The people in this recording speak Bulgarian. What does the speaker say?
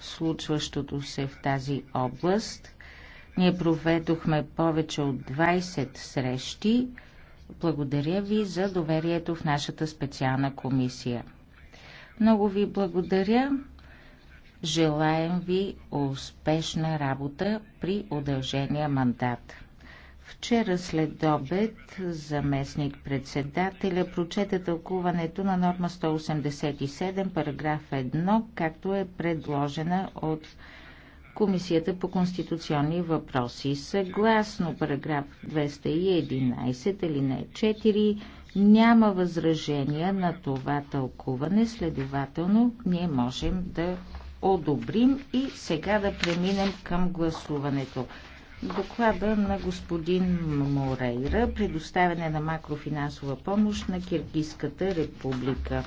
случващото се в тази област. Ние проведохме повече от 20 срещи. Благодаря ви за доверието в нашата специална комисия. Много ви благодаря. Желаем ви успешна работа при удължения мандат. Вчера след обед заместник председателя прочете тълкуването на норма 187, параграф 1, както е предложена от Комисията по конституционни въпроси. Съгласно параграф 211 или не 4, няма възражения на това тълкуване, следователно ние можем да одобрим и сега да преминем към гласуването. Доклада на господин Морейра предоставяне на макрофинансова помощ на Киргизската република.